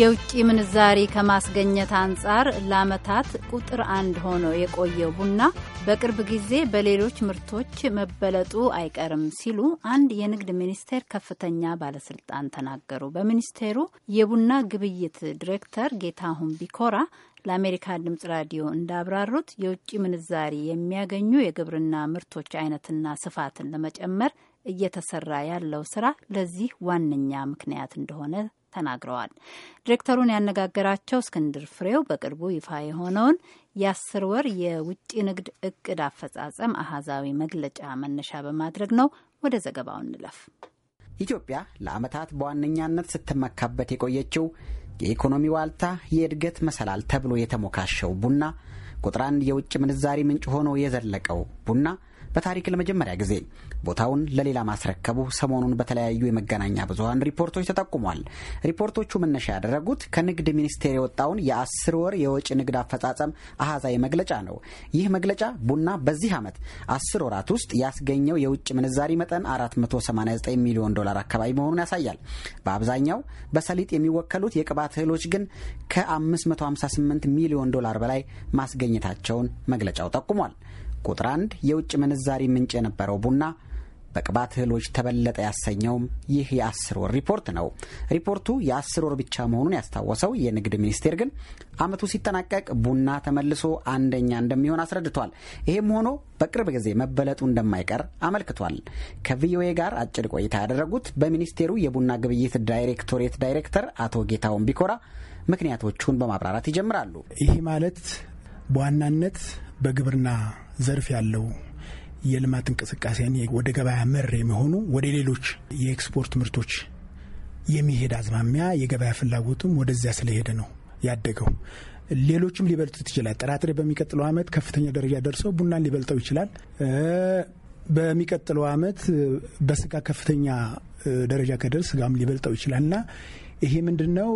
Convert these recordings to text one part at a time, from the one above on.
የውጭ ምንዛሪ ከማስገኘት አንጻር ለአመታት ቁጥር አንድ ሆኖ የቆየው ቡና በቅርብ ጊዜ በሌሎች ምርቶች መበለጡ አይቀርም ሲሉ አንድ የንግድ ሚኒስቴር ከፍተኛ ባለስልጣን ተናገሩ። በሚኒስቴሩ የቡና ግብይት ዲሬክተር ጌታሁን ቢኮራ ለአሜሪካ ድምጽ ራዲዮ እንዳብራሩት የውጭ ምንዛሪ የሚያገኙ የግብርና ምርቶች አይነትና ስፋትን ለመጨመር እየተሰራ ያለው ስራ ለዚህ ዋነኛ ምክንያት እንደሆነ ተናግረዋል። ዲሬክተሩን ያነጋገራቸው እስክንድር ፍሬው በቅርቡ ይፋ የሆነውን የአስር ወር የውጭ ንግድ እቅድ አፈጻጸም አሃዛዊ መግለጫ መነሻ በማድረግ ነው። ወደ ዘገባው እንለፍ። ኢትዮጵያ ለዓመታት በዋነኛነት ስትመካበት የቆየችው የኢኮኖሚ ዋልታ፣ የእድገት መሰላል ተብሎ የተሞካሸው ቡና ቁጥር አንድ የውጭ ምንዛሪ ምንጭ ሆኖ የዘለቀው ቡና በታሪክ ለመጀመሪያ ጊዜ ቦታውን ለሌላ ማስረከቡ ሰሞኑን በተለያዩ የመገናኛ ብዙሀን ሪፖርቶች ተጠቁሟል። ሪፖርቶቹ መነሻ ያደረጉት ከንግድ ሚኒስቴር የወጣውን የአስር ወር የወጪ ንግድ አፈጻጸም አሃዛዊ መግለጫ ነው። ይህ መግለጫ ቡና በዚህ ዓመት አስር ወራት ውስጥ ያስገኘው የውጭ ምንዛሪ መጠን 489 ሚሊዮን ዶላር አካባቢ መሆኑን ያሳያል። በአብዛኛው በሰሊጥ የሚወከሉት የቅባት እህሎች ግን ከ558 ሚሊዮን ዶላር በላይ ማስገኘታቸውን መግለጫው ጠቁሟል። ቁጥር አንድ የውጭ ምንዛሪ ምንጭ የነበረው ቡና በቅባት እህሎች ተበለጠ ያሰኘውም ይህ የአስር ወር ሪፖርት ነው። ሪፖርቱ የአስር ወር ብቻ መሆኑን ያስታወሰው የንግድ ሚኒስቴር ግን ዓመቱ ሲጠናቀቅ ቡና ተመልሶ አንደኛ እንደሚሆን አስረድቷል። ይህም ሆኖ በቅርብ ጊዜ መበለጡ እንደማይቀር አመልክቷል። ከቪኦኤ ጋር አጭር ቆይታ ያደረጉት በሚኒስቴሩ የቡና ግብይት ዳይሬክቶሬት ዳይሬክተር አቶ ጌታውን ቢኮራ ምክንያቶቹን በማብራራት ይጀምራሉ። ይህ ማለት በዋናነት በግብርና ዘርፍ ያለው የልማት እንቅስቃሴን ወደ ገበያ መር የሚሆኑ ወደ ሌሎች የኤክስፖርት ምርቶች የሚሄድ አዝማሚያ የገበያ ፍላጎቱም ወደዚያ ስለሄደ ነው ያደገው። ሌሎችም ሊበልጡት ይችላል። ጥራጥሬ በሚቀጥለው ዓመት ከፍተኛ ደረጃ ደርሰው ቡናን ሊበልጠው ይችላል። በሚቀጥለው ዓመት በስጋ ከፍተኛ ደረጃ ከደርስ ስጋም ሊበልጠው ይችላል እና ይሄ ምንድን ነው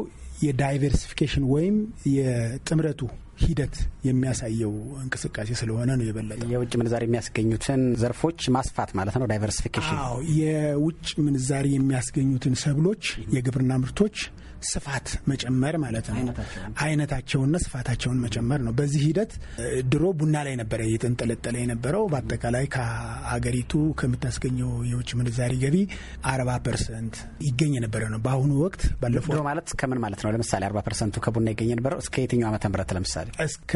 የዳይቨርሲፊኬሽን ወይም የጥምረቱ ሂደት የሚያሳየው እንቅስቃሴ ስለሆነ ነው የበለጠ የውጭ ምንዛሪ የሚያስገኙትን ዘርፎች ማስፋት ማለት ነው። ዳይቨርሲፊኬሽን አዎ፣ የውጭ ምንዛሪ የሚያስገኙትን ሰብሎች፣ የግብርና ምርቶች ስፋት መጨመር ማለት ነው። አይነታቸውና ስፋታቸውን መጨመር ነው። በዚህ ሂደት ድሮ ቡና ላይ ነበረ የተንጠለጠለ የነበረው። በአጠቃላይ ከሀገሪቱ ከምታስገኘው የውጭ ምንዛሪ ገቢ አርባ ፐርሰንት ይገኝ የነበረ ነው። በአሁኑ ወቅት ባለፈው ማለት ከምን ማለት ነው። ለምሳሌ አርባ ፐርሰንቱ ከቡና ይገኝ ነበረው እስከ የትኛው ዓመተ ምህረት ለምሳሌ እስከ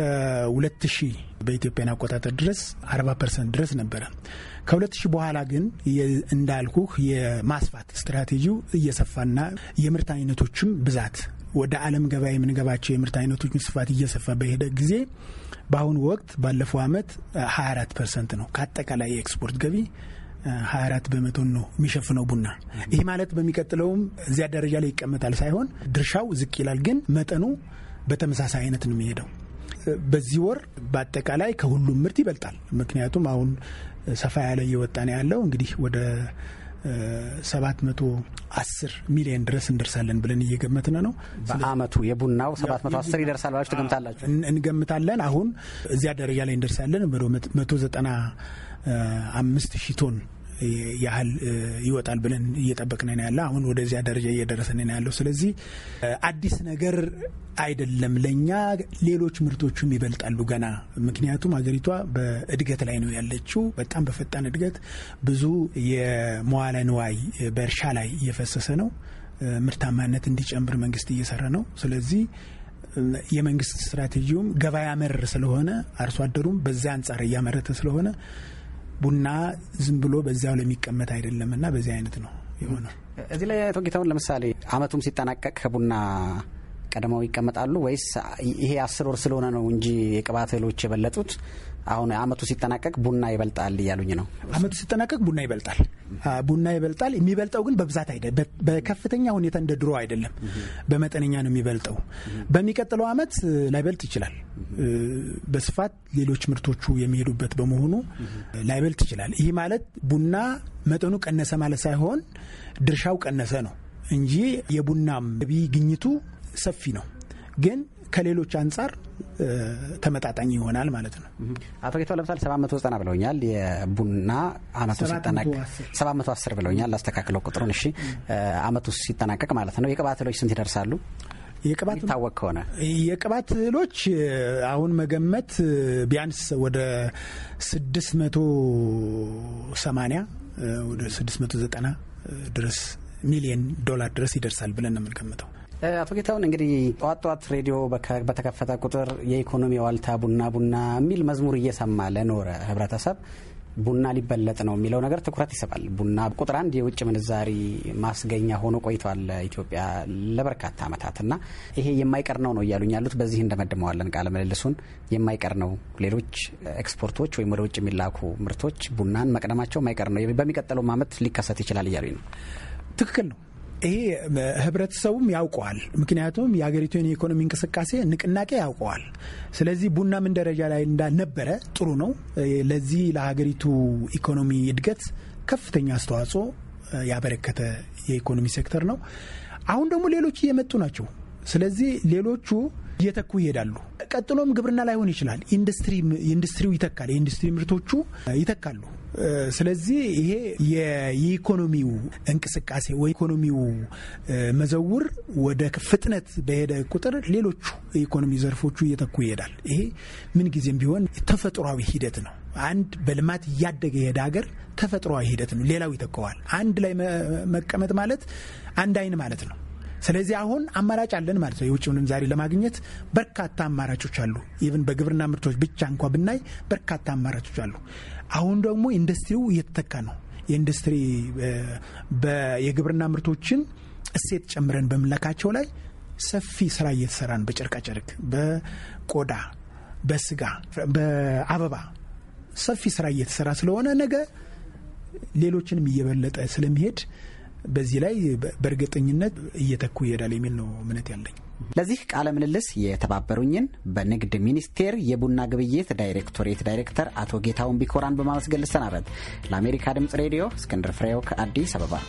ሁለት ሺህ በኢትዮጵያን አቆጣጠር ድረስ አርባ ፐርሰንት ድረስ ነበረ። ከሁለት ሺህ በኋላ ግን እንዳልኩህ የማስፋት ስትራቴጂው እየሰፋና የምርት አይነቶችም ብዛት ወደ ዓለም ገበያ የምንገባቸው የምርት አይነቶች ስፋት እየሰፋ በሄደ ጊዜ በአሁኑ ወቅት ባለፈው ዓመት 24 ፐርሰንት ነው ከአጠቃላይ የኤክስፖርት ገቢ 24 በመቶን ነው የሚሸፍነው ቡና። ይህ ማለት በሚቀጥለውም እዚያ ደረጃ ላይ ይቀመጣል ሳይሆን ድርሻው ዝቅ ይላል፣ ግን መጠኑ በተመሳሳይ አይነት ነው የሚሄደው። በዚህ ወር በአጠቃላይ ከሁሉም ምርት ይበልጣል። ምክንያቱም አሁን ሰፋ ያለ እየወጣ ነው ያለው እንግዲህ ወደ 710 ሚሊዮን ድረስ እንደርሳለን ብለን እየገመትን ነው። በአመቱ የቡናው 710 ይደርሳል ባላችሁ ትገምታላችሁ? እንገምታለን። አሁን እዚያ ደረጃ ላይ እንደርሳለን። ወደ 195 ሺህ ቶን ያህል ይወጣል ብለን እየጠበቅን ነው ያለ። አሁን ወደዚያ ደረጃ እየደረስን ነው ያለው። ስለዚህ አዲስ ነገር አይደለም ለእኛ ሌሎች ምርቶቹም ይበልጣሉ ገና። ምክንያቱም ሀገሪቷ በእድገት ላይ ነው ያለችው፣ በጣም በፈጣን እድገት። ብዙ የመዋለ ንዋይ በእርሻ ላይ እየፈሰሰ ነው። ምርታማነት እንዲጨምር መንግስት እየሰራ ነው። ስለዚህ የመንግስት ስትራቴጂውም ገበያ መር ስለሆነ አርሶ አደሩም በዛ አንጻር እያመረተ ስለሆነ ቡና ዝም ብሎ በዚያው ለሚቀመጥ አይደለም እና በዚህ አይነት ነው የሆነው። እዚህ ላይ አቶ ጌታሁን ለምሳሌ አመቱም ሲጠናቀቅ ከቡና ቀድመው ይቀመጣሉ ወይስ ይሄ አስር ወር ስለሆነ ነው እንጂ የቅባት እህሎች የበለጡት? አሁን አመቱ ሲጠናቀቅ ቡና ይበልጣል እያሉኝ ነው። አመቱ ሲጠናቀቅ ቡና ይበልጣል፣ ቡና ይበልጣል። የሚበልጠው ግን በብዛት አይደለም፣ በከፍተኛ ሁኔታ እንደ ድሮ አይደለም፣ በመጠነኛ ነው የሚበልጠው። በሚቀጥለው አመት ላይበልጥ ይችላል። በስፋት ሌሎች ምርቶቹ የሚሄዱበት በመሆኑ ላይበልጥ ይችላል። ይህ ማለት ቡና መጠኑ ቀነሰ ማለት ሳይሆን ድርሻው ቀነሰ ነው እንጂ የቡናም ገቢ ግኝቱ ሰፊ ነው፣ ግን ከሌሎች አንጻር ተመጣጣኝ ይሆናል ማለት ነው። አቶ ጌታ ለምሳሌ 790 ብለውኛል የቡና አመቱ ሲጠናቀቅ 710 ብለውኛል። ላስተካክለው ቁጥሩን እሺ። አመቱ ሲጠናቀቅ ማለት ነው። የቅባት እህሎች ስንት ይደርሳሉ? የሚታወቅ ከሆነ የቅባት እህሎች አሁን መገመት ቢያንስ ወደ 680 ወደ 690 ድረስ ሚሊየን ዶላር ድረስ ይደርሳል ብለን ነው የምንገምተው። አቶ ጌታሁን እንግዲህ ጠዋት ጠዋት ሬዲዮ በተከፈተ ቁጥር የኢኮኖሚ ዋልታ ቡና ቡና የሚል መዝሙር እየሰማ ለኖረ ህብረተሰብ ቡና ሊበለጥ ነው የሚለው ነገር ትኩረት ይስባል። ቡና ቁጥር አንድ የውጭ ምንዛሪ ማስገኛ ሆኖ ቆይቷል ኢትዮጵያ ለበርካታ ዓመታት እና ይሄ የማይቀር ነው ነው እያሉኝ ያሉት። በዚህ እንደመድመዋለን ቃለ ምልልሱን የማይቀር ነው። ሌሎች ኤክስፖርቶች ወይም ወደ ውጭ የሚላኩ ምርቶች ቡናን መቅደማቸው ማይቀር ነው፣ በሚቀጥለው ዓመት ሊከሰት ይችላል እያሉኝ ነው። ትክክል ነው። ይሄ ህብረተሰቡም ያውቀዋል። ምክንያቱም የሀገሪቱን የኢኮኖሚ እንቅስቃሴ ንቅናቄ ያውቀዋል። ስለዚህ ቡና ምን ደረጃ ላይ እንዳልነበረ ጥሩ ነው። ለዚህ ለሀገሪቱ ኢኮኖሚ እድገት ከፍተኛ አስተዋጽኦ ያበረከተ የኢኮኖሚ ሴክተር ነው። አሁን ደግሞ ሌሎች እየመጡ ናቸው። ስለዚህ ሌሎቹ እየተኩ ይሄዳሉ። ቀጥሎም ግብርና ላይሆን ይችላል፣ ኢንዱስትሪው ይተካል፣ የኢንዱስትሪ ምርቶቹ ይተካሉ። ስለዚህ ይሄ የኢኮኖሚው እንቅስቃሴ ወይ ኢኮኖሚው መዘውር ወደ ፍጥነት በሄደ ቁጥር ሌሎቹ የኢኮኖሚ ዘርፎቹ እየተኩ ይሄዳል። ይሄ ምንጊዜም ቢሆን ተፈጥሯዊ ሂደት ነው። አንድ በልማት እያደገ የሄደ ሀገር ተፈጥሯዊ ሂደት ነው። ሌላው ይተከዋል። አንድ ላይ መቀመጥ ማለት አንድ አይን ማለት ነው። ስለዚህ አሁን አማራጭ አለን ማለት ነው። የውጭ ምንዛሪ ለማግኘት በርካታ አማራጮች አሉ። ኢቭን በግብርና ምርቶች ብቻ እንኳ ብናይ በርካታ አማራጮች አሉ። አሁን ደግሞ ኢንዱስትሪው እየተተካ ነው። የኢንዱስትሪ የግብርና ምርቶችን እሴት ጨምረን በምለካቸው ላይ ሰፊ ስራ እየተሰራን በጨርቃጨርቅ፣ በቆዳ፣ በስጋ፣ በአበባ ሰፊ ስራ እየተሰራ ስለሆነ ነገ ሌሎችንም እየበለጠ ስለሚሄድ በዚህ ላይ በእርግጠኝነት እየተኩ ይሄዳል የሚል ነው እምነት ያለኝ። ለዚህ ቃለ ምልልስ የተባበሩኝን በንግድ ሚኒስቴር የቡና ግብይት ዳይሬክቶሬት ዳይሬክተር አቶ ጌታውን ቢኮራን በማመስገን ልሰናበት። ለአሜሪካ ድምጽ ሬዲዮ እስክንድር ፍሬው ከአዲስ አበባ